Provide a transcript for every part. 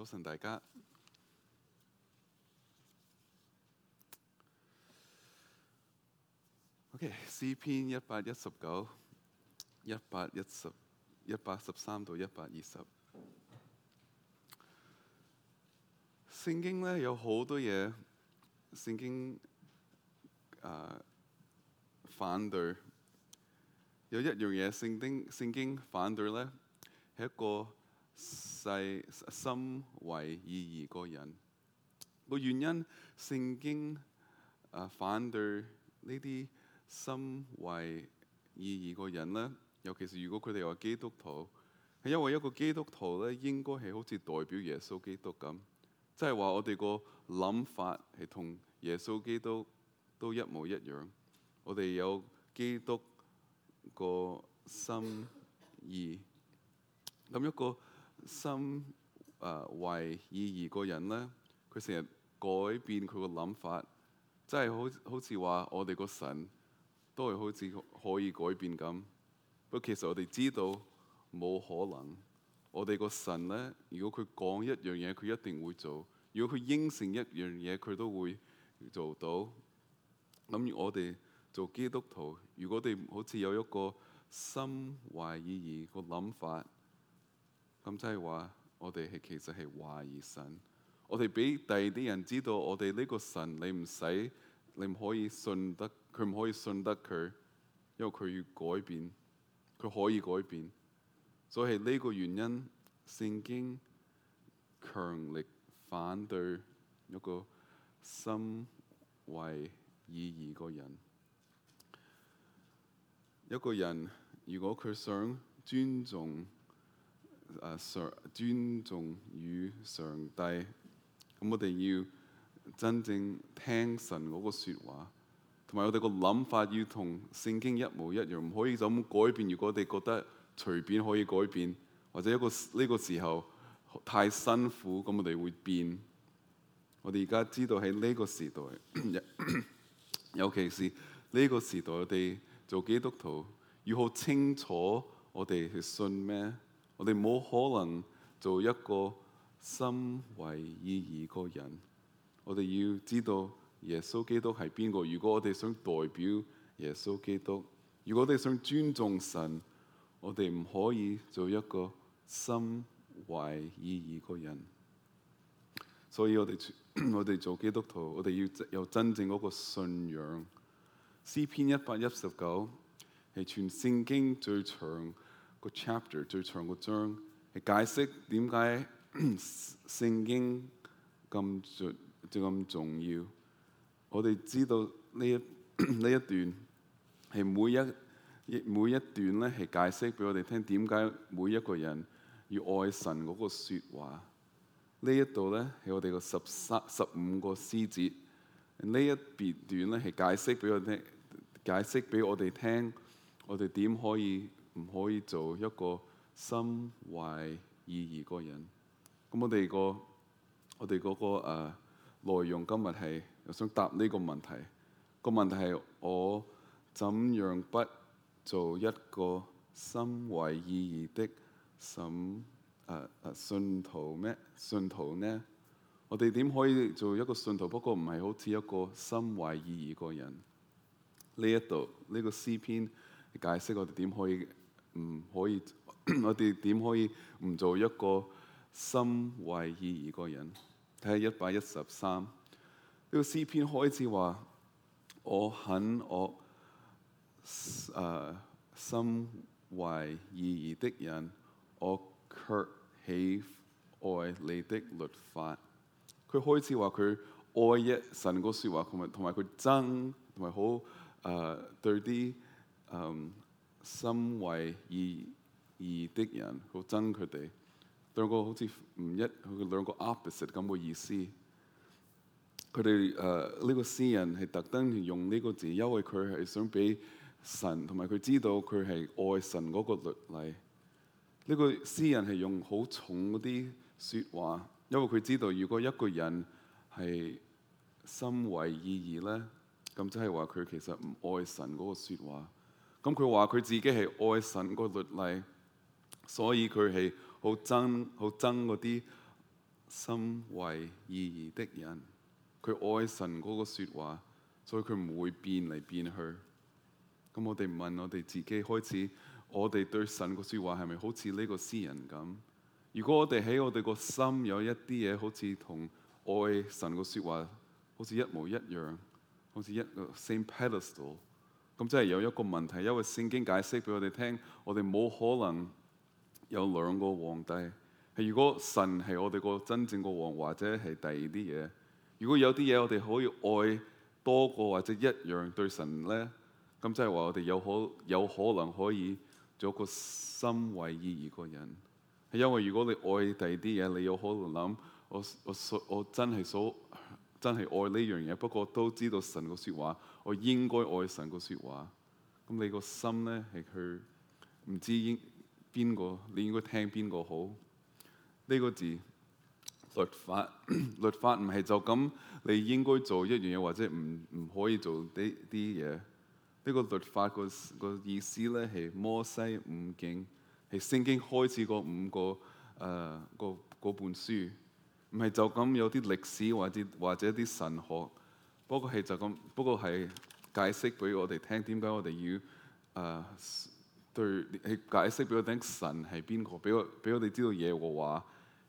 早晨，大家。OK，詩篇一百一十九、一百一十、一百十三到一百二十，聖經咧有好多嘢，聖經誒反對。有一樣嘢，聖經聖經反對咧，係一個世心懷二意個人個原因，聖經、呃、反對呢啲心懷二意個人呢，尤其是如果佢哋話基督徒，係因為一個基督徒咧，應該係好似代表耶穌基督咁，即係話我哋個諗法係同耶穌基督都一模一樣，我哋有基督個心意，咁一個。心誒懷二意個人咧，佢成日改變佢個諗法，真係好好似話我哋個神都係好似可以改變咁。不過其實我哋知道冇可能，我哋個神咧，如果佢講一樣嘢，佢一定會做；如果佢應承一樣嘢，佢都會做到。諗住我哋做基督徒，如果我哋好似有一個心懷二意個諗法。咁即係話，我哋係其實係懷疑神，我哋俾第二啲人知道，我哋呢個神，你唔使，你唔可以信得，佢唔可以信得佢，因為佢要改變，佢可以改變。所以係呢個原因，聖經強力反對一個心懷二意個人。一個人如果佢想尊重，誒尊重與上帝咁，我哋要真正聽神嗰個説話，同埋我哋個諗法要同聖經一模一樣，唔可以就咁改變。如果我哋覺得隨便可以改變，或者一個呢、呢個時候太辛苦，咁我哋會變。我哋而家知道喺呢個時代， 尤其是呢個時代，我哋做基督徒要好清楚我，我哋去信咩。我哋冇可能做一個心懷二意個人。我哋要知道耶穌基督係邊個。如果我哋想代表耶穌基督，如果我哋想尊重神，我哋唔可以做一個心懷二意個人。所以我哋 我哋做基督徒，我哋要有真正嗰個信仰。詩篇一百一十九係全聖經最長。個 chapter 最長個章，係解釋點解 聖經咁咁重要。我哋知道呢一呢一段係每一每一段咧，係解釋俾我哋聽點解每一個人要愛神嗰個説話。呢一度咧係我哋個十三十五個詩節，呢一別段咧，係解釋俾我哋聽，解釋俾我哋聽，我哋點可以？唔可以做一個心懷二意個人。咁我哋個我哋嗰、那個誒內、呃、容今日係，我想答呢個問題。個問題係我怎樣不做一個心懷二意的什誒誒信徒咩？信徒呢？我哋點可以做一個信徒？不過唔係好似一個心懷二意個人。呢一度呢個詩篇解釋我哋點可以。唔、嗯、可以，我哋點可以唔做一個心懷二意個人？睇下一百一十三呢個詩篇開始話：我恨惡我誒、啊、心懷二意的人，我卻喜歡愛你的律法。佢開始話佢愛一神個説話，同埋同埋佢憎，同埋好誒對啲誒。嗯心懷二意的人，好憎佢哋。兩個好似唔一，佢哋兩個 opposite 咁嘅意思。佢哋誒呢個詩人係特登用呢個字，因為佢係想俾神同埋佢知道佢係愛神嗰個律例。呢個詩人係用好重嗰啲説話，因為佢知道如果一個人係心懷二意咧，咁即係話佢其實唔愛神嗰個説話。咁佢話佢自己係愛神嗰律例，所以佢係好憎好憎嗰啲心懷二意的人。佢愛神嗰個説話，所以佢唔會變嚟變去。咁我哋問我哋自己開始，我哋對神個説話係咪好似呢個詩人咁？如果我哋喺我哋個心有一啲嘢，好似同愛神個説話好似一模一樣，好似一個 same pedestal。咁即係有一個問題，因為聖經解釋俾我哋聽，我哋冇可能有兩個皇帝。係如果神係我哋個真正個王，或者係第二啲嘢，如果有啲嘢我哋可以愛多個或者一樣對神咧，咁即係話我哋有可有可能可以做個心懷二意個人。係因為如果你愛第二啲嘢，你有可能諗我我所我真係所。真係愛呢樣嘢，不過都知道神個說話，我應該愛神個說話。咁你個心咧係去唔知應邊個，你應該聽邊個好？呢、這個字律法， 律法唔係就咁，你應該做一樣嘢或者唔唔可以做啲啲嘢。呢、這個律法個、那個意思咧係摩西五經，係聖經開始嗰五個誒個嗰本書。唔係就咁有啲歷史或者或者啲神學，不過係就咁，不過係解釋俾我哋聽點解我哋要誒、呃、對係解釋俾我聽神係邊個，俾我俾我哋知道耶和華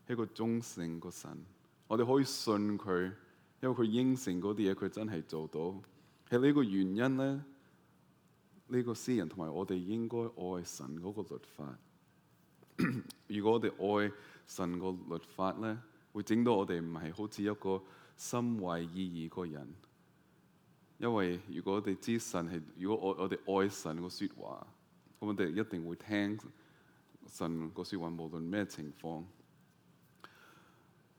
係個忠誠個神，我哋可以信佢，因為佢應承嗰啲嘢佢真係做到，係呢個原因咧，呢、呢個詩人同埋我哋應該愛神嗰個律法。 如果我哋愛神個律法咧，會整到我哋唔係好似一個心懷二意個人，因為如果我哋知神係，如果我我哋愛神個説話，咁我哋一定會聽神個説話，無論咩情況。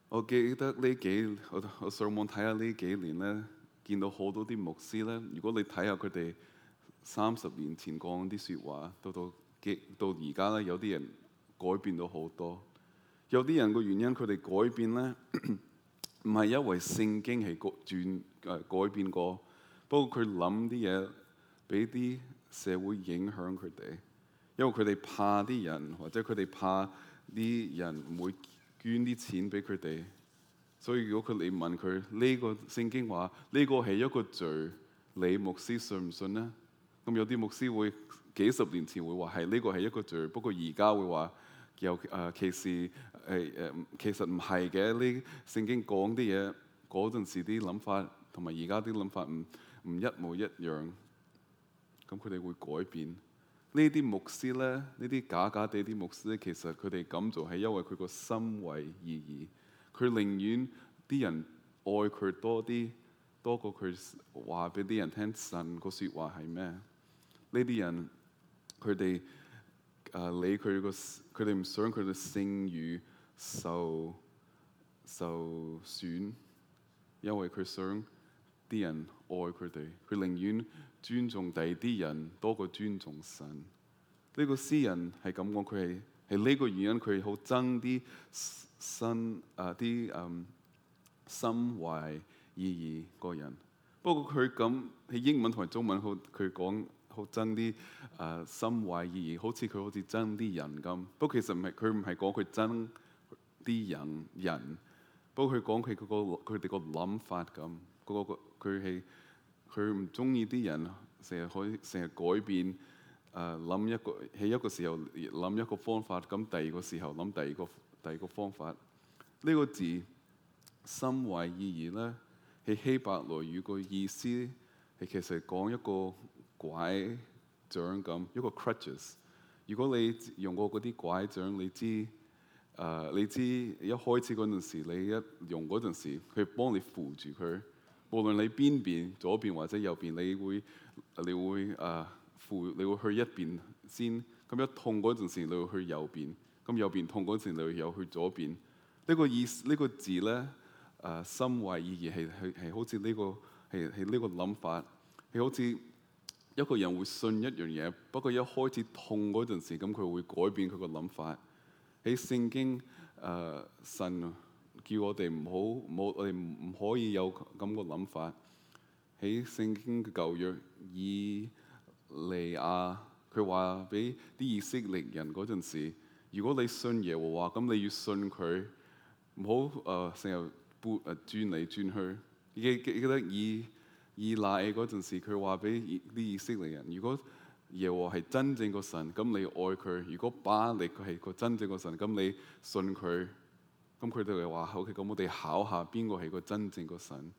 我記得呢幾，我上網睇下呢幾年咧，見到好多啲牧師咧。如果你睇下佢哋三十年前講啲説話，到到到而家咧，有啲人改變到好多。有啲人個原因，佢哋改變咧，唔係 因為聖經係轉誒改變過，不過佢諗啲嘢俾啲社會影響佢哋，因為佢哋怕啲人，或者佢哋怕啲人唔會捐啲錢俾佢哋，所以如果佢哋問佢呢個聖經話呢個係一個罪，你牧師信唔信咧？咁有啲牧師會幾十年前會話係呢個係一個罪，不過而家會話。尤其，其實誒誒，其實唔係嘅。呢聖經講啲嘢，嗰陣時啲諗法，法，同埋而家啲諗法唔唔一模一樣。咁佢哋會改變。呢啲牧師咧，呢啲假假地啲牧師咧，其實佢哋咁做係因為佢個心懷二意。佢寧願啲人愛佢多啲，多過佢話俾啲人聽神個説話係咩？呢啲人佢哋。誒理佢個，佢哋唔想佢哋聲譽受受損，因為佢想啲人愛佢哋，佢寧願尊重第二啲人多過尊重神。呢個詩人係咁講，佢係係呢個原因，佢好憎啲新誒啲心懷二意個人。不過佢咁喺英文同埋中文好佢講。好憎啲誒心懷二意，好似佢好似憎啲人咁。不過其實唔係，佢唔係講佢憎啲人人，不過佢講佢嗰個佢哋個諗法咁，嗰佢係佢唔中意啲人，成日、那個那個、可以成日改變誒諗、呃、一個喺一個時候諗一個方法，咁第二個時候諗第二個第二個方法呢、這個字心懷二意咧喺希伯來語個意思係其實講一個。拐杖咁一個 crutches，如果你用過嗰啲拐杖，你知誒、呃，你知一開始嗰陣時，你一用嗰陣時，佢幫你扶住佢，無論你邊邊左邊或者右邊，你會你會誒、啊、扶，你會去一邊先咁一痛嗰陣時，你會去右邊，咁右邊痛嗰陣時，你又去左邊。呢、這個意呢、這個字咧誒，心懷二意係係係好似呢、這個係係呢個諗法，係好似。一個人會信一樣嘢，不過一開始痛嗰陣時，咁佢會改變佢個諗法。喺聖經，誒、呃、神叫我哋唔好冇，我哋唔可以有咁個諗法。喺聖經嘅舊約以利亞，佢話俾啲以色列人嗰陣時，如果你信耶和華，咁你要信佢，唔好誒成日搬誒轉嚟轉去。記記得以。以以利亞嗰陣時，佢話俾啲以色列人：如果耶和華係真正個神，咁你愛佢；如果巴力佢係個真正個神，咁你信佢。咁佢哋話：OK，咁我哋考下邊個係個真正個神。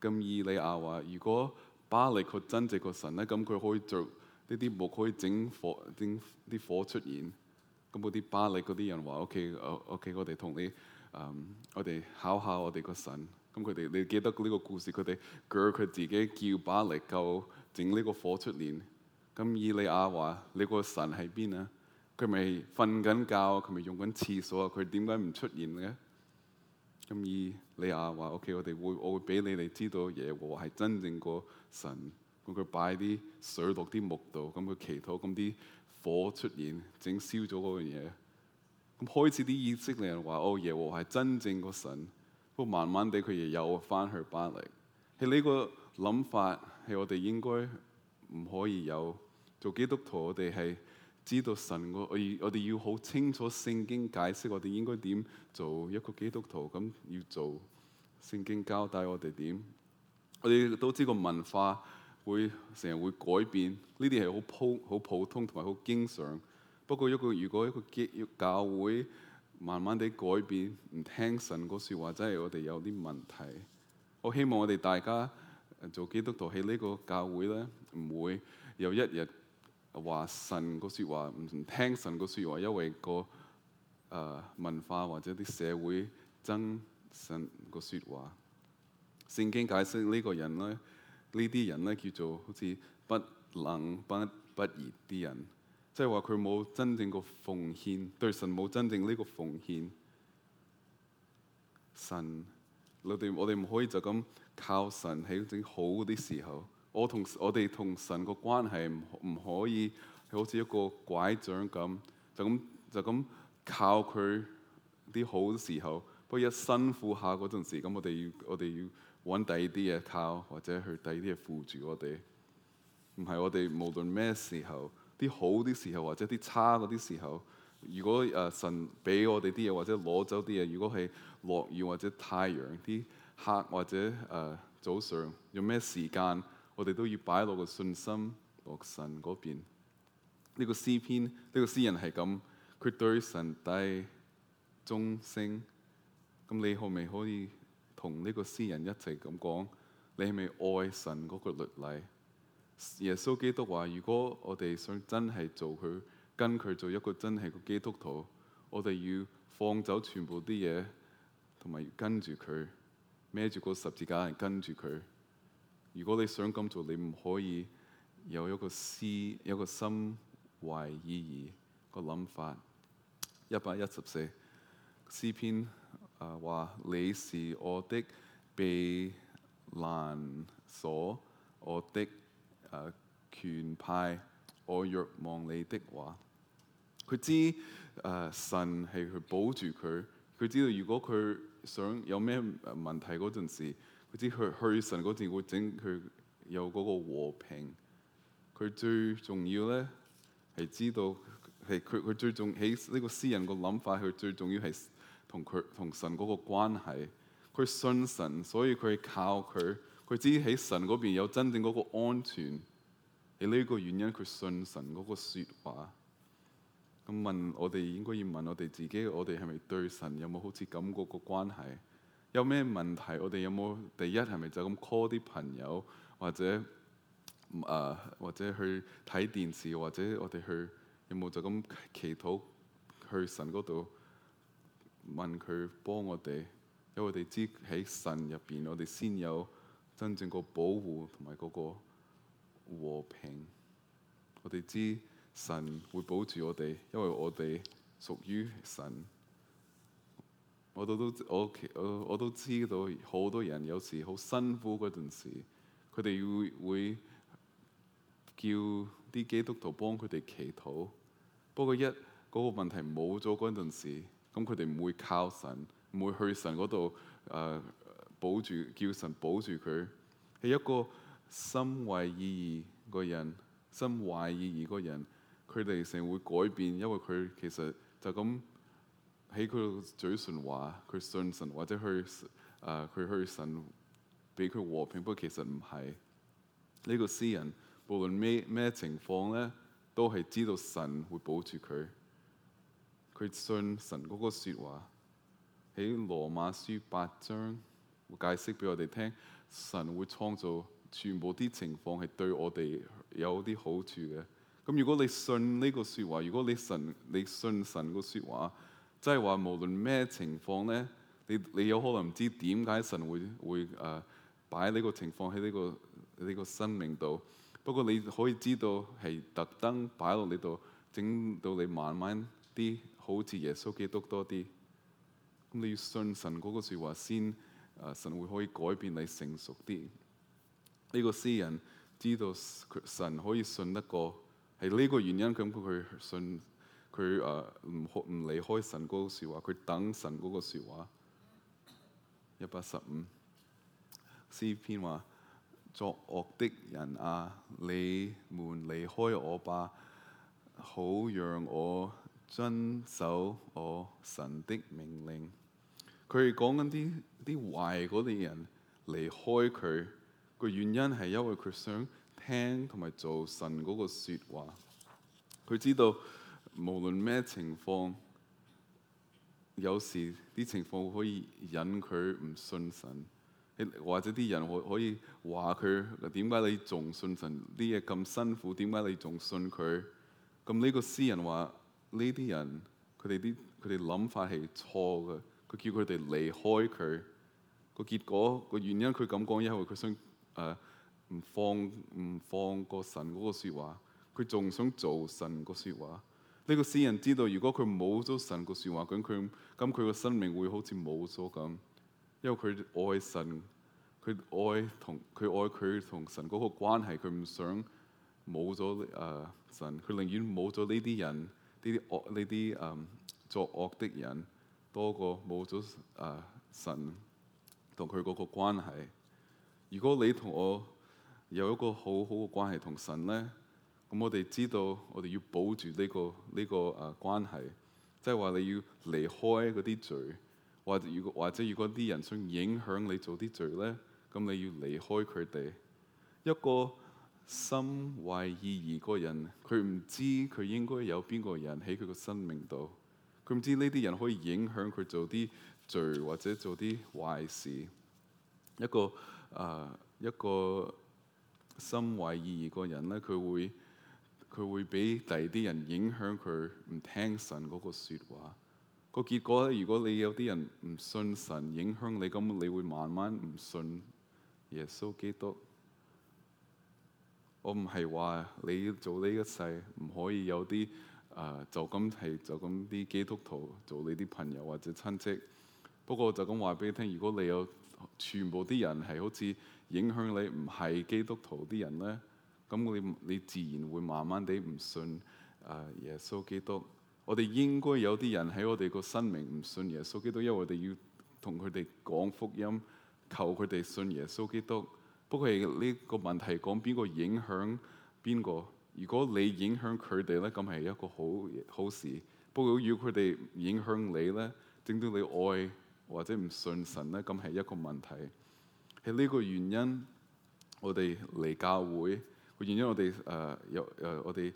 咁以利亞話：如果巴力佢真正個神咧，咁佢可以做呢啲木，可以整火、整啲火出現。咁嗰啲巴力嗰啲人話：OK，OK，、OK, OK, 我哋同你，嗯、um，我哋考下我哋個神。咁佢哋你記得呢個故事？佢哋鋸佢自己叫巴力，夠整呢個火出年。咁以利亞話：你個神喺邊啊？佢咪瞓緊覺，佢咪用緊廁所啊？佢點解唔出現嘅？咁以利亞話：O K，我哋會，我會俾你哋知道耶和華係真正個神。咁佢擺啲水落啲木度，咁佢祈禱，咁啲火出現，整燒咗嗰樣嘢。咁開始啲以色列人話：哦，耶和華係真正個神。都慢慢地佢亦有翻去巴黎。係、這、呢個諗法係我哋應該唔可以有。做基督徒我哋係知道神我我哋要好清楚聖經解釋，我哋應該點做一個基督徒？咁要做聖經交代我哋點？我哋都知個文化會成日會改變，呢啲係好普好普通同埋好經常。不過一個如果一個教教會。慢慢地改變，唔聽神個説話，真係我哋有啲問題。我希望我哋大家做基督徒喺呢個教會咧，唔會有一日話神個説話，唔聽神個説話，因為、那個誒、呃、文化或者啲社會憎神個説話。聖經解釋呢個人咧，人呢啲人咧叫做好似不冷不不熱啲人。即係話佢冇真正個奉獻，對神冇真正呢個奉獻。神，我哋我哋唔可以就咁靠神喺整好啲時候。我同我哋同神個關係唔唔可以好似一個拐杖咁，就咁就咁靠佢啲好啲時候。不過一辛苦一下嗰陣時，咁我哋要我哋要揾第二啲嘢靠，或者去第二啲嘢扶住我哋。唔係我哋無論咩時候，啲好啲時候或者啲差嗰啲時候，如果誒、呃、神俾我哋啲嘢或者攞走啲嘢，如果係落雨或者太陽，啲黑或者誒、呃、早上，用咩時間，我哋都要擺落個信心落神嗰邊。呢、這個詩篇呢、這個詩人係咁，佢對神帶忠誠。咁你可唔可以同呢個詩人一齊咁講？你係咪愛神嗰個律例？耶穌基督話：如果我哋想真係做佢，跟佢做一個真係個基督徒，我哋要放走全部啲嘢，同埋跟住佢孭住個十字架嚟跟住佢。如果你想咁做，你唔可以有一個思、有一個心懷二意個諗法。一百一十四詩篇啊話、呃：你是我的避難所，我的。」誒、啊、權派，我仰望你的話，佢知誒、呃、神係去保住佢。佢知道如果佢想有咩問題嗰陣時，佢知去去神嗰陣會整佢有嗰個和平。佢最重要咧係知道係佢，佢最重喺呢個私人個諗法，佢最重要係同佢同神嗰個關係。佢信神，所以佢靠佢。佢知喺神嗰邊有真正嗰個安全，係呢個原因佢信神嗰個説話。咁問我哋應該要問我哋自己，我哋係咪對神有冇好似咁嗰個關係？有咩問題？我哋有冇第一係咪就咁 call 啲朋友，或者啊、uh, 或者去睇電視，或者我哋去有冇就咁祈禱去神嗰度問佢幫我哋？因為我哋知喺神入邊我哋先有。真正個保護同埋嗰個和平，我哋知神會保住我哋，因為我哋屬於神。我都都我我都知道，好多人有時好辛苦嗰陣時，佢哋會會叫啲基督徒幫佢哋祈禱。不過一嗰個問題冇咗嗰陣時，咁佢哋唔會靠神，唔會去神嗰度誒。呃保住叫神保住佢，係一個心懷二意個人，心懷二意個人，佢哋成日會改變，因為佢其實就咁喺佢嘅嘴唇話佢信神或者去誒佢、呃、去神俾佢和平，不過其實唔係呢個詩人，無論咩咩情況咧，都係知道神會保住佢，佢信神嗰個説話喺羅馬書八章。會解釋俾我哋聽，神會創造全部啲情況係對我哋有啲好處嘅。咁如果你信呢個説話，如果你神你信神個説話，即係話無論咩情況咧，你你有可能唔知點解神會會誒擺呢個情況喺呢個呢個生命度。不過你可以知道係特登擺落你度，整到你慢慢啲好似耶穌基督多啲。咁你要信神嗰個説話先。神會可以改變你成熟啲。呢個詩人知道神可以信得過，係呢個原因，咁佢佢信佢啊，唔唔離開神嗰個説話，佢等神嗰個説話。一百十五詩篇話：作惡的人啊，你們離開我吧，好讓我遵守我神的命令。佢講緊啲啲壞嗰啲人離開佢個原因係因為佢想聽同埋做神嗰個説話。佢知道無論咩情況，有時啲情況可以引佢唔信神，或者啲人可以話佢：點解你仲信神？啲嘢咁辛苦，點解你仲信佢？咁呢個詩人話：呢啲人佢哋啲佢哋諗法係錯嘅。佢叫佢哋離開佢，個結果個原因佢咁講，因為佢想誒唔、呃、放唔放過神嗰個説話，佢仲想做神個説話。呢、這個詩人知道，如果佢冇咗神個説話咁，佢咁佢個生命會好似冇咗咁。因為佢愛神，佢愛同佢愛佢同神嗰個關係，佢唔想冇咗誒神，佢寧願冇咗呢啲人，呢啲惡呢啲誒作惡的人。多過冇咗啊神同佢嗰個關係。如果你同我有一個好好嘅關係同神咧，咁我哋知道我哋要保住呢個呢個啊關係，即係話你要離開嗰啲罪或，或者如果或者如果啲人想影響你做啲罪咧，咁你要離開佢哋。一個心懷二意個人，佢唔知佢應該有邊個人喺佢個生命度。佢唔知呢啲人可以影響佢做啲罪或者做啲壞事。一個誒、呃、一個心懷二意個人咧，佢會佢會俾第二啲人影響佢，唔聽神嗰個説話。個結果咧，如果你有啲人唔信神影響你，咁你會慢慢唔信耶穌基督。我唔係話你做呢個世唔可以有啲。啊、uh，就咁係，就咁啲基督徒做你啲朋友或者親戚。不過就咁話俾你聽，如果你有全部啲人係好似影響你唔係基督徒啲人咧，咁你你自然會慢慢地唔信啊、uh, 耶穌基督。我哋應該有啲人喺我哋個生命唔信耶穌基督，因為我哋要同佢哋講福音，求佢哋信耶穌基督。不過呢個問題講邊個影響邊個？如果你影響佢哋咧，咁係一個好好事。不過，如果佢哋影響你咧，正到你愛或者唔信神咧，咁係一個問題。係呢個原因，我哋嚟教會個原因我、呃呃，我哋誒有誒，我哋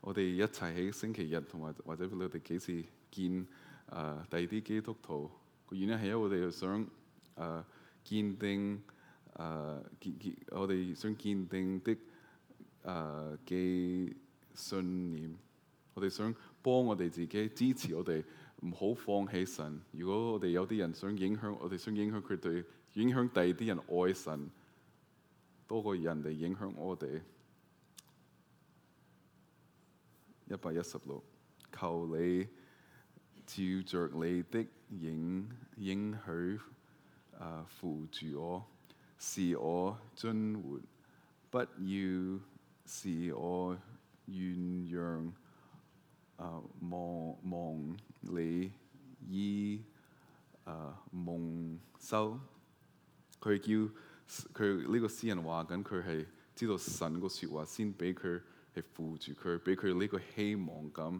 我哋一齊喺星期日同埋或者佢哋幾次見誒第二啲基督徒個原因係因為我哋想誒、呃、堅定誒、呃，我哋想堅定的。誒嘅、uh, 信念，我哋想幫我哋自己，支持我哋，唔好放棄神。如果我哋有啲人想影響我哋，想影響佢哋，影響第二啲人愛神，多過人哋影響我哋。一百一十六，求你照着你的應、應許、uh, 扶住我，使我存活，不要。是我願讓啊望望你依啊、呃、蒙羞，佢叫佢呢、這個詩人話緊，佢係知道神個說話先俾佢係扶住佢，俾佢呢個希望咁。咁、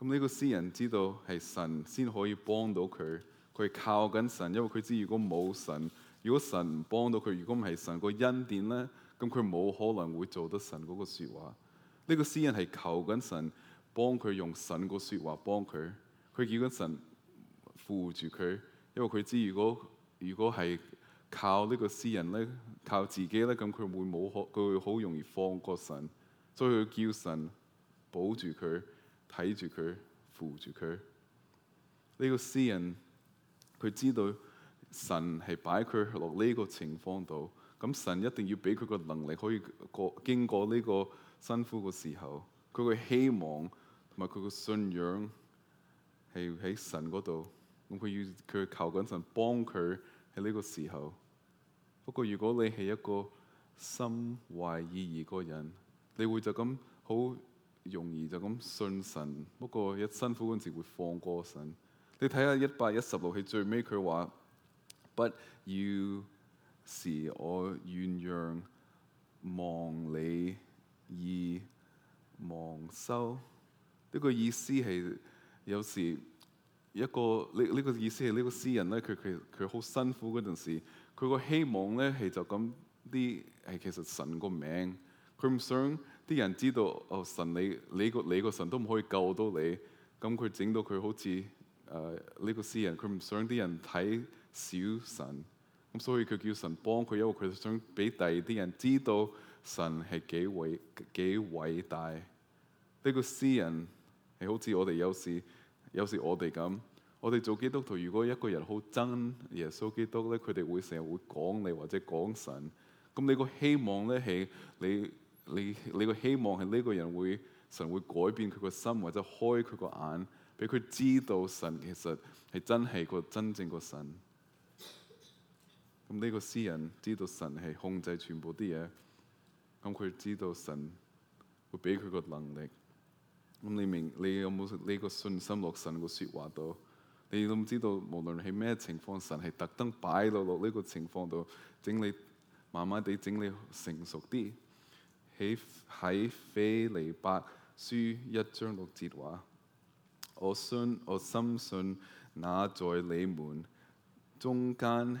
嗯、呢、這個詩人知道係神先可以幫到佢，佢係靠緊神，因為佢知如果冇神，如果神唔幫到佢，如果唔係神、個恩典咧。咁佢冇可能會做得神嗰個説話。呢個詩人係求緊神幫佢，用神個説話幫佢。佢叫緊神扶住佢，因為佢知如果如果係靠呢個詩人咧，靠自己咧，咁佢會冇可，佢會好容易放過神。所以佢叫神保住佢，睇住佢，扶住佢。呢個詩人佢知道神係擺佢落呢個情況度。咁神一定要俾佢個能力可以過經過呢個辛苦嘅時候，佢個希望同埋佢個信仰係喺神嗰度，咁佢要佢求緊神幫佢喺呢個時候。不過如果你係一個心懷二意個人，你會就咁好容易就咁信神，不過一辛苦嗰陣時會放過神。你睇下一百一十六，係最尾佢話不要。But you, 時我願讓望你而忘收，呢個意思係有時一個呢，呢個意思係呢個詩人咧，佢佢佢，好辛苦嗰陣時，佢個希望咧係就咁啲係其實神個名，佢唔想啲人知道哦，神你你個你個神都唔可以救到你。咁佢整到佢好似誒，呢個詩人，佢唔想啲人睇小神。咁所以佢叫神幫佢，因為佢想俾第二啲人知道神係幾偉幾偉大。呢個詩人係好似我哋有時，有時我哋咁，我哋做基督徒，如果一個人好憎耶穌基督咧，佢哋會成日會講你或者講神。咁你個希望咧係你你你個希望係呢個人會神會改變佢個心或者開佢個眼，俾佢知道神其實係真係個真正個神。呢個詩人知道神係控制全部啲嘢，咁佢知道神會俾佢個能力。咁你明？你有冇呢個信心落神個説話度？你都唔知道，無論係咩情況，神係特登擺到落呢個情況度，整理，慢慢地整理成熟啲。喺喺腓立比書一章六節話：我信，我深信，那在你們中間。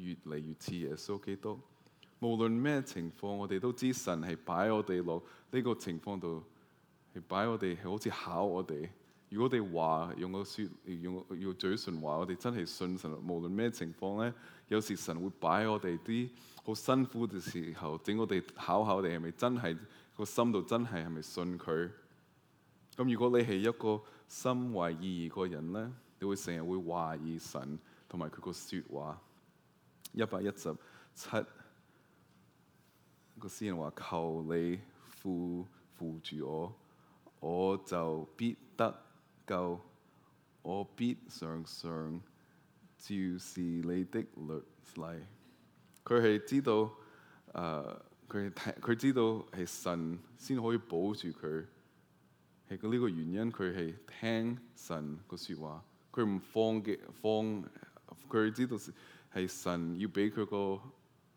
越嚟越似耶穌基督，無論咩情況，我哋都知神係擺我哋落呢個情況度，係擺我哋好似考我哋。如果我哋話用個說用用嘴唇話，我哋真係信神。無論咩情況咧，有時神會擺我哋啲好辛苦嘅時候，整我哋考考我哋係咪真係個心度真係係咪信佢。咁如果你係一個心懷二意個人咧，你會成日會懷疑神同埋佢個說話。一百一十七個詩人話：求你扶扶住我，我就必得救；我必上上照是你的律例。佢係知道，誒佢佢知道係神先可以保住佢，係個呢個原因佢係聽神個説話，佢唔放嘅放，佢知道係神要俾佢、這個，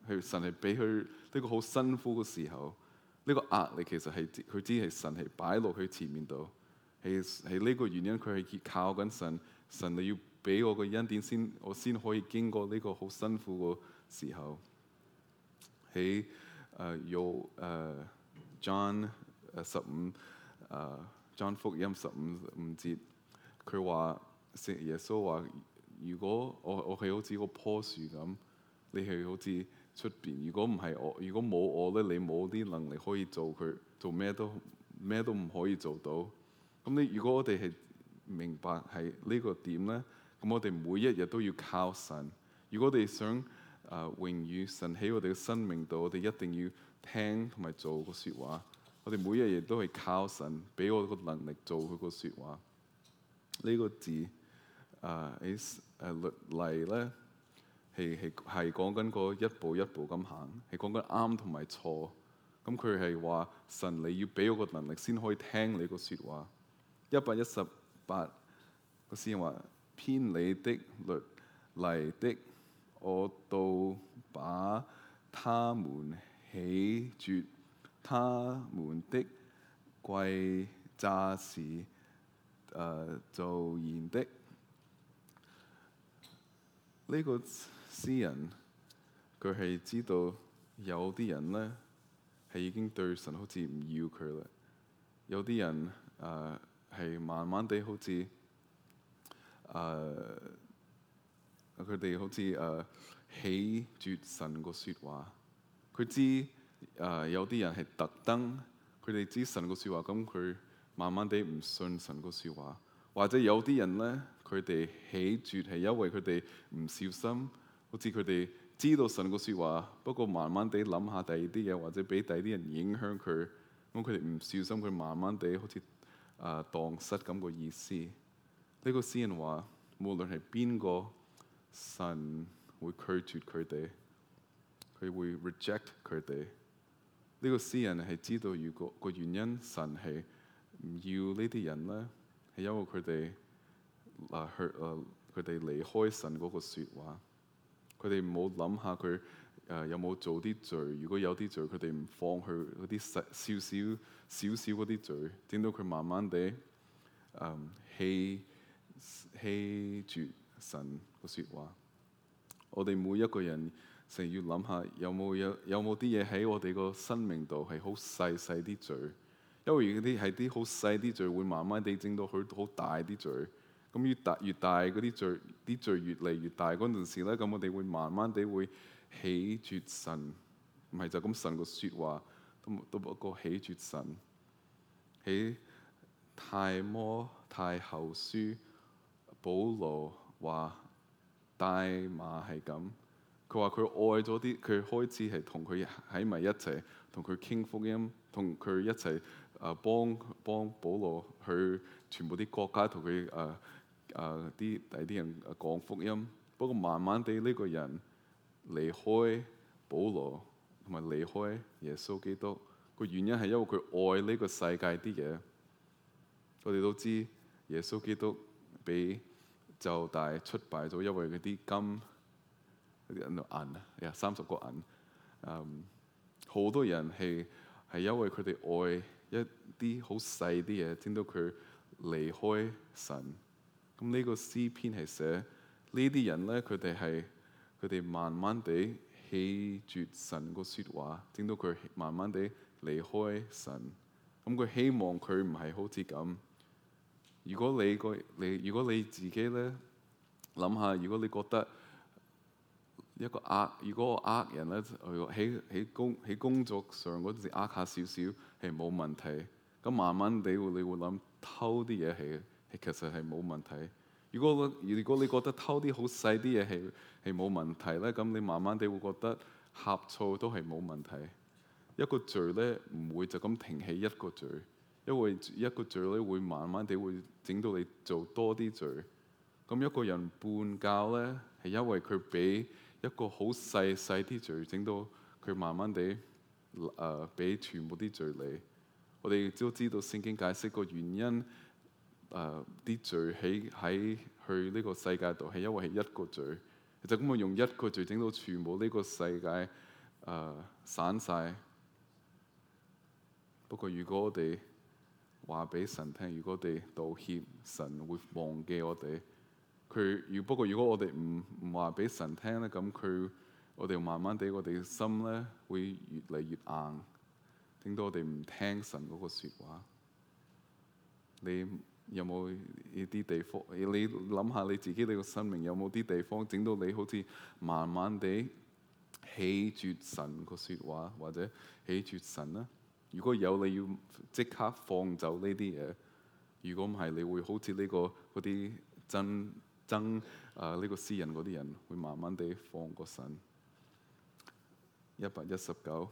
係神係俾佢呢個好辛苦嘅時候，呢、這個壓力其實係佢知係神係擺落去前面度，係係呢個原因佢係要靠緊神，神就要俾我個恩典先，我先可以經過呢個好辛苦嘅時候。喺誒約誒 John 誒十五誒 John 福音十五五節，佢話聖耶穌話。如果我我係好似個棵樹咁，你係好似出邊。如果唔係我，如果冇我咧，你冇啲能力可以做佢，做咩都咩都唔可以做到。咁你如果我哋係明白係呢個點咧，咁我哋每一日都要靠神。如果我哋想誒、呃、榮譽神喺我哋嘅生命度，我哋一定要聽同埋做個説話。我哋每一日都係靠神俾我個能力做佢個説話。呢、這個字誒、uh, 誒，律例咧係係係講緊個一步一步咁行，係講緊啱同埋錯。咁佢係話，神你要俾我個能力先可以聽你個説話。一百一十八，個詩人話：偏離你的律例的，我到把他們棄絕，他們的詭詐是誒造然的。呢個詩人佢係知道有啲人咧係已經對神好似唔要佢啦，有啲人誒係、呃、慢慢地好似誒佢哋好似誒、呃、拒絕神嘅説話，佢知誒、呃、有啲人係特登佢哋知神嘅説話，咁佢慢慢地唔信神嘅説話，或者有啲人咧。佢哋起住，係因為佢哋唔小心，好似佢哋知道神嘅説話，不過慢慢地諗下第二啲嘢，或者俾第二啲人影響佢，咁佢哋唔小心，佢慢慢地好似啊盪失咁個意思。呢個詩人話：無論係邊個，神會拒絕佢哋，佢會 reject 佢哋。呢個詩人係知道如果個原因，神係唔要呢啲人咧，係因為佢哋。啊，去啊！佢哋離開神嗰個説話，佢哋唔好諗下佢誒有冇、啊、做啲罪。如果有啲罪，佢哋唔放去嗰啲細少少、少少嗰啲罪，整到佢慢慢地嗯棄棄住神個説話。我哋每一個人成日要諗下有冇有有冇啲嘢喺我哋個生命度係好細細啲罪，因為而啲係啲好細啲罪，會慢慢地整到佢好大啲罪，咁越大越大嗰啲罪，啲罪越嚟越大嗰陣時咧，咁我哋會慢慢地會棄絕神，唔係就咁神個説話都都不過棄絕神。喺提摩太後書，保羅話底馬係咁，佢話佢愛咗啲，佢開始係同佢喺埋一齊，同佢傾福音，同佢一齊誒、呃、幫幫保羅去全部啲國家同佢誒。啊！啲第啲人講福音，不過慢慢地呢個人離開保羅，同埋離開耶穌基督個原因係因為佢愛呢個世界啲嘢。我哋都知耶穌基督俾猶大出賣咗，因為佢啲金嗰啲銀啊，三十個銀。嗯，好多人係係因為佢哋愛一啲好細啲嘢，聽到佢離開神。咁呢個詩篇係寫呢啲人咧，佢哋係佢哋慢慢地棄絕神個説話，整到佢慢慢地離開神。咁、嗯、佢希望佢唔係好似咁。如果你個你如果你自己咧諗下，如果你覺得一個呃如果我呃人咧喺，喺工喺工作上嗰陣時呃下少少係冇問題，咁慢慢地會你會諗偷啲嘢起。其實係冇問題。如果如果你覺得偷啲好細啲嘢係係冇問題咧，咁你慢慢地會覺得呷醋都係冇問題。一個罪咧唔會就咁停起一個罪，因為一個罪咧會慢慢地會整到你做多啲罪。咁一個人叛教咧係因為佢俾一個好細細啲罪整到佢慢慢地誒俾、呃、全部啲罪你。我哋只要知道聖經解釋個原因。誒啲、呃、罪喺喺去呢個世界度，係因為係一個罪，就咁樣我用一個罪整到全部呢個世界誒、呃、散晒。不過如果我哋話俾神聽，如果我哋道歉神，神會忘記我哋。佢如不過如果我哋唔唔話俾神聽咧，咁佢我哋慢慢地，我哋嘅心咧會越嚟越硬，令到我哋唔聽神嗰個説話，你。有冇呢啲地方？你諗下你自己你個生命有冇啲地方整到你好似慢慢地棄絕神嘅説話，或者棄絕神啦？如果有，你要即刻放走呢啲嘢。如果唔係，你會好似呢、呢個嗰啲爭爭啊呢個詩人嗰啲人，會慢慢地放個神。一百一十九，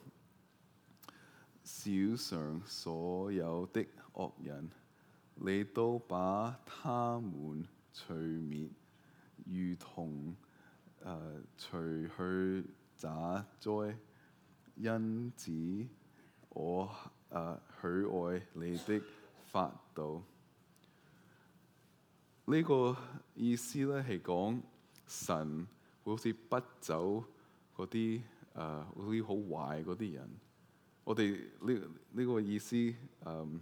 世上所有的惡人。你都把他們除滅，如同、呃、除去渣滓。因此，我、呃、誒許愛你的法度。呢 個意思咧係講神會好似不走嗰啲好似好壞嗰啲人。我哋呢，呢個意思誒誒。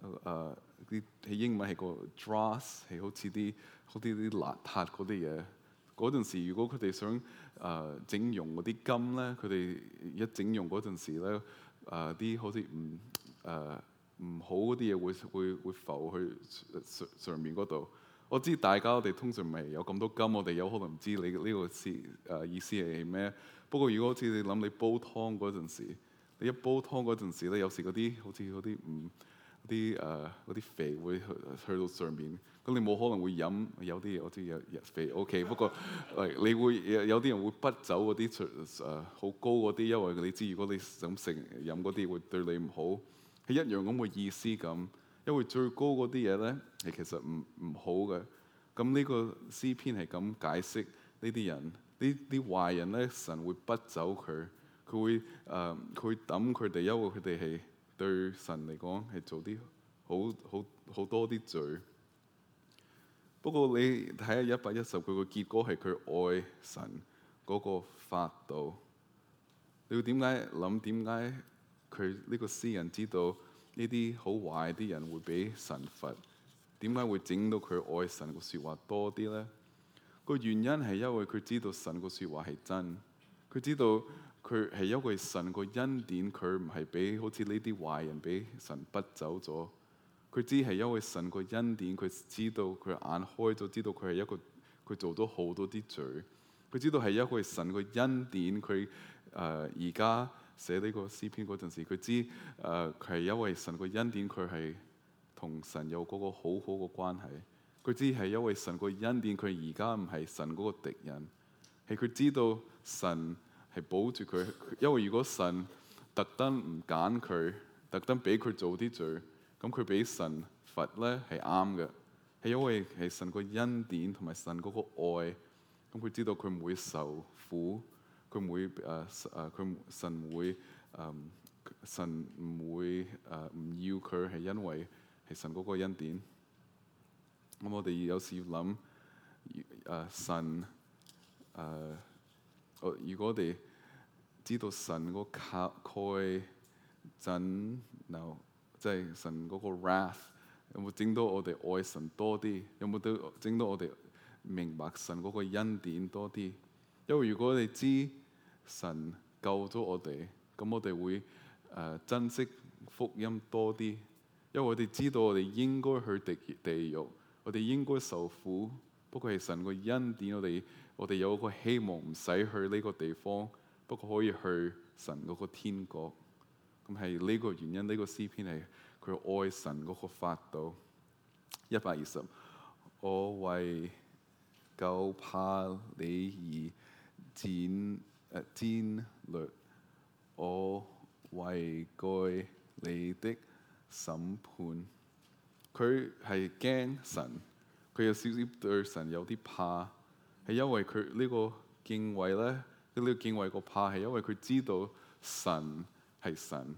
呃呃啲英文係個 dross，係好似啲好似啲邋遢嗰啲嘢。嗰陣時，如果佢哋想誒、呃、整容嗰啲金咧，佢哋一整容嗰陣時咧，誒、呃、啲好似唔誒唔好嗰啲嘢會會會浮去上上面嗰度。我知大家我哋通常咪有咁多金，我哋有可能唔知你呢個思誒、呃、意思係咩。不過如果好似你諗你煲湯嗰陣時，你一煲湯嗰陣時咧，有時嗰啲好似嗰啲唔。嗯啲誒嗰啲肥會去去到上面，咁你冇可能會飲，有啲嘢我知有肥 OK，不過係 你會有啲人會不走嗰啲誒好高嗰啲，因為你知如果你飲食飲嗰啲會對你唔好，係一樣咁嘅意思咁。因為最高嗰啲嘢咧係其實唔唔好嘅，咁呢個詩篇係咁解釋呢啲人，呢啲壞人咧神會不走佢，佢會誒佢會抌佢哋，因為佢哋係。對神嚟講係做啲好好好多啲罪，不過你睇下一百一十，佢個結果係佢愛神嗰個法度。你會點解諗？點解佢呢個詩人知道呢啲好壞啲人會俾神罰？點解會整到佢愛神個說話多啲呢？個原因係因為佢知道神個說話係真，佢知道。佢係因為神個恩典，佢唔係俾好似呢啲壞人俾神逼走咗。佢知係因為神個恩典，佢知道佢眼開咗，知道佢係一個佢做咗好多啲罪。佢知道係因為神個恩典，佢誒而家寫呢個詩篇嗰陣時，佢知誒係、呃、因為神個恩典，佢係同神有嗰個好好嘅關係。佢知係因為神個恩典，佢而家唔係神嗰個敵人，係佢知道神。係保住佢，因為如果神特登唔揀佢，特登俾佢做啲罪，咁佢俾神罰咧係啱嘅，係因為係神個恩典同埋神嗰個愛，咁佢知道佢唔會受苦，佢唔會誒誒，佢、啊、神唔、啊、會、啊、神唔會誒唔、啊啊、要佢係因為係神嗰個恩典。咁我哋有時要諗誒、啊、神誒。啊哦，如果我哋知道神嗰刻開震流，no, 即係神嗰個 wrath，有冇整到我哋愛神多啲？有冇都整到我哋明白神嗰個恩典多啲？因為如果你知神救咗我哋，咁我哋會誒珍惜福音多啲。因為我哋知道我哋應該去地地獄，我哋應該受苦，不過係神個恩典，我哋。我哋有個希望，唔使去呢個地方，不過可以去神嗰個天國。咁係呢個原因，呢、這個詩篇係佢愛神嗰個法度一百二十。我為夠怕你而戰誒天律，我為該你的審判。佢係驚神，佢有少少對神有啲怕。係因為佢呢個敬畏咧，呢個敬畏個怕係因為佢知道神係神。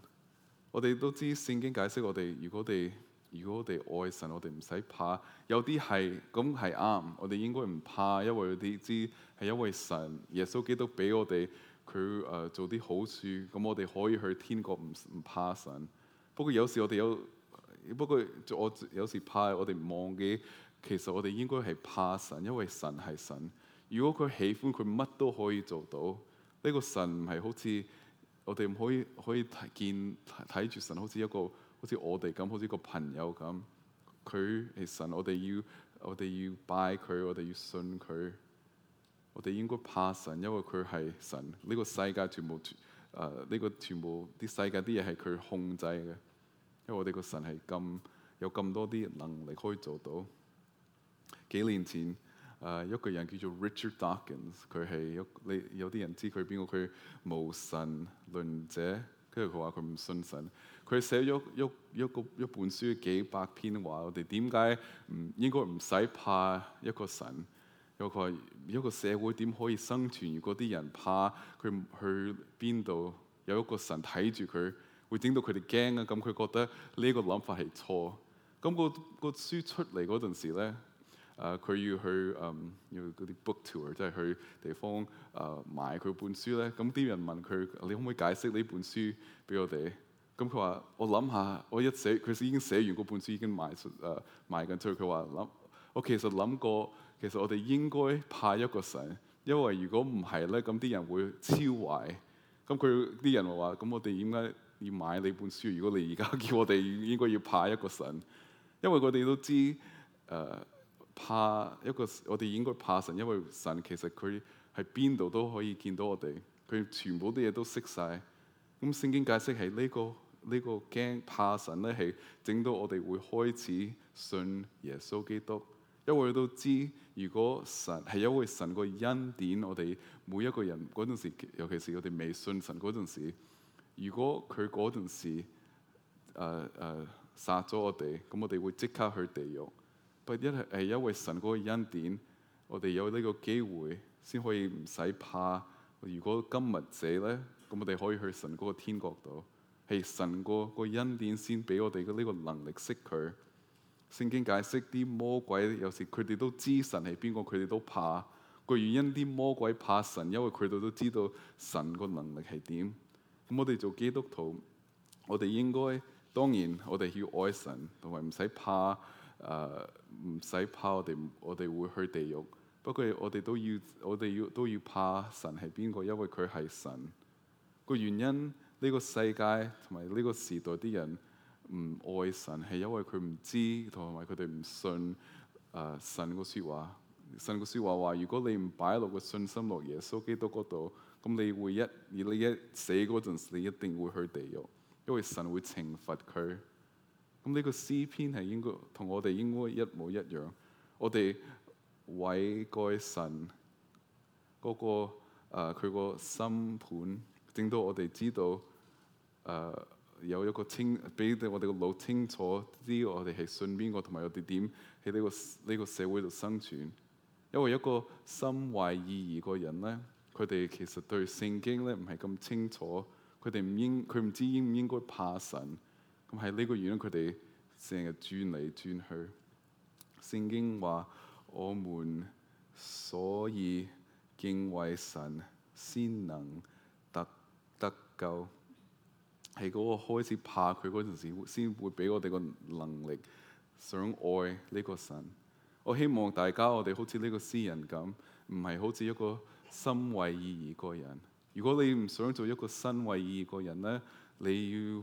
我哋都知聖經解釋，我哋如果我哋如果我哋愛神，我哋唔使怕。有啲係咁係啱，我哋應該唔怕，因為佢哋知係因為神耶穌基督俾我哋佢誒做啲好處，咁我哋可以去天國，唔唔怕神。不過有時我哋有不過我有時怕，我哋忘記其實我哋應該係怕神，因為神係神。如果佢喜歡，佢乜都可以做到。呢個神唔係好似我哋唔可以可以睇見睇住神，好似一個好似我哋咁，好似個朋友咁。佢係神，我哋要我哋要拜佢，我哋要信佢。我哋應該怕神，因為佢係神。呢個世界全部誒，呢個全部啲世界啲嘢係佢控制嘅。因為我哋個神係咁有咁多啲能力可以做到。幾年前。誒，一、uh, 個人叫做 Richard Dawkins，佢係喐你有啲人知佢係邊個？佢無神論者，跟住佢話佢唔信神。佢寫咗一一個一本書幾百篇話，我哋點解唔應該唔使怕一個神？又佢話一個社會點可以生存？如果啲人怕佢去邊度有一個神睇住佢，會整到佢哋驚啊！咁佢覺得呢個諗法係錯。咁、嗰個個書出嚟嗰陣時咧。誒，佢、uh, 要去誒，um, 要嗰啲 book tour，即係去地方誒、uh, 買佢本書咧。咁、嗯、啲人問佢：你可唔可以解釋呢本書俾我哋？咁佢話：我諗下，我一寫佢已經寫完個本書，已經賣出誒賣緊，出、uh, 去，佢話諗我其實諗過，其實我哋應該怕一個神，因為如果唔係咧，咁啲人會超壞。咁佢啲人話：咁我哋點解要買你本書？如果你而家叫我哋應該要怕一個神，因為我哋都知誒。Uh, 怕一個，我哋應該怕神，因為神其實佢喺邊度都可以見到我哋，佢全部啲嘢都識晒。咁、嗯、聖經解釋係呢、呢個呢、呢個驚怕，怕神咧，係整到我哋會開始信耶穌基督。因為都知，如果神係因為神個恩典，我哋每一個人嗰陣時，尤其是我哋未信神嗰陣時，如果佢嗰陣時誒誒、呃呃、殺咗我哋，咁我哋會即刻去地獄。一係因為神嗰個恩典，我哋有呢個機會，先可以唔使怕。如果今日者呢，咁我哋可以去神嗰個天國度。係神個個恩典先俾我哋嘅呢個能力識佢。聖經解釋啲魔鬼有時佢哋都知神係邊個，佢哋都怕。個原因啲魔鬼怕神，因為佢哋都知道神個能力係點。咁我哋做基督徒，我哋應該，當然我哋要愛神，同埋唔使怕。誒，唔使怕我哋，我哋會去地獄。不過我哋都要，我哋要都要怕神係邊個，因為佢係神。個原因呢、呢個世界同埋呢個時代啲人唔愛神，係因為佢唔知同埋佢哋唔信誒、呃、神個説話。神個説話話：如果你唔擺落個信心落耶穌基督嗰度，咁你會一而你一死嗰陣時，你一定會去地獄，因為神會懲罰佢。咁呢個詩篇係應該同我哋應該一模一樣。我哋委蓋神嗰、那個佢個、呃、心盤，令到我哋知道誒、呃、有一個清，俾我哋個腦清楚啲，我哋係信邊個，同埋我哋點喺呢個呢個社會度生存。因為一個心懷二意個人咧，佢哋其實對聖經咧唔係咁清楚，佢哋唔應佢唔知應唔應該怕神。咁喺呢個院，佢哋成日轉嚟轉去。聖經話：我們所以敬畏神，先能得得救。喺嗰個開始怕佢嗰陣時，先會俾我哋個能力想愛呢個神。我希望大家我哋好似呢個詩人咁，唔係好似一個心懷二意個人。如果你唔想做一個心懷二意個人咧，你要。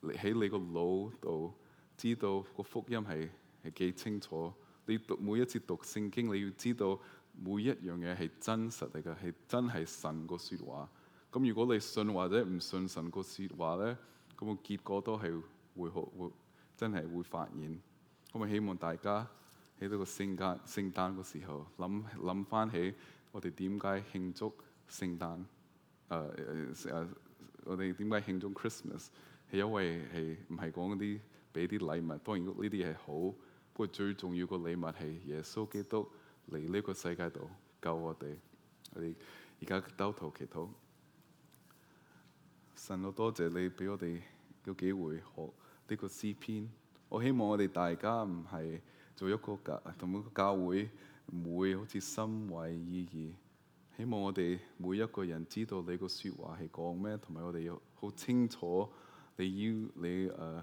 你喺你個腦度，知道個福音係係幾清楚。你讀每一次讀聖經，你要知道每一樣嘢係真實嚟嘅，係真係神個説話。咁如果你信或者唔信神個説話咧，咁、個結果都係會好會真係會發現。咁啊，希望大家喺呢個聖誕聖誕嘅時候諗諗返起我哋點解慶祝聖誕，誒、呃、誒、啊啊、我哋點解慶祝 Christmas？係因為係唔係講啲俾啲禮物？當然呢啲係好。不過最重要個禮物係耶穌基督嚟呢個世界度救我哋。我哋而家兜頭祈禱，神，我多謝你俾我哋個機會學呢個詩篇。我希望我哋大家唔係做一個教同一個教會，唔會好似心懷二意。希望我哋每一個人知道你個説話係講咩，同埋我哋有好清楚。你要你誒、uh,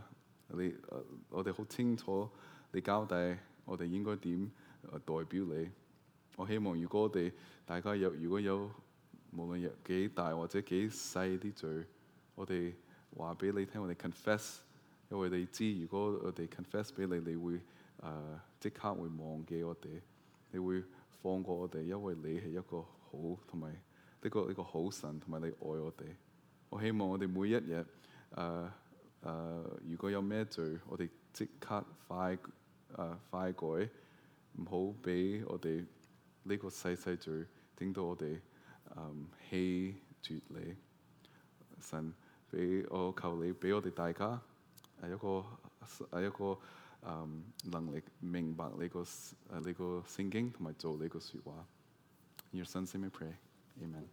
你誒、uh, 我哋好清楚你交代，我哋應該點誒代表你。我希望如果我哋大家有如果有無論有幾大或者幾細啲罪，我哋話俾你聽，我哋 confess，因為你知，如果我哋 confess 俾你，你會誒、uh, 即刻會忘記我哋，你會放過我哋，因為你係一個好同埋一個一個好神，同埋你愛我哋。我希望我哋每一日。誒誒，uh, uh, 如果有咩罪，我哋即刻快誒、uh, 快改，唔好俾我哋呢個細細罪整到我哋氣、um, 絕你。神，俾我求你俾我哋大家係一個係一個,一個、um, 能力明白你、這個誒你、uh, 個聖經同埋做你個説話。要神先嚟 pray，amen。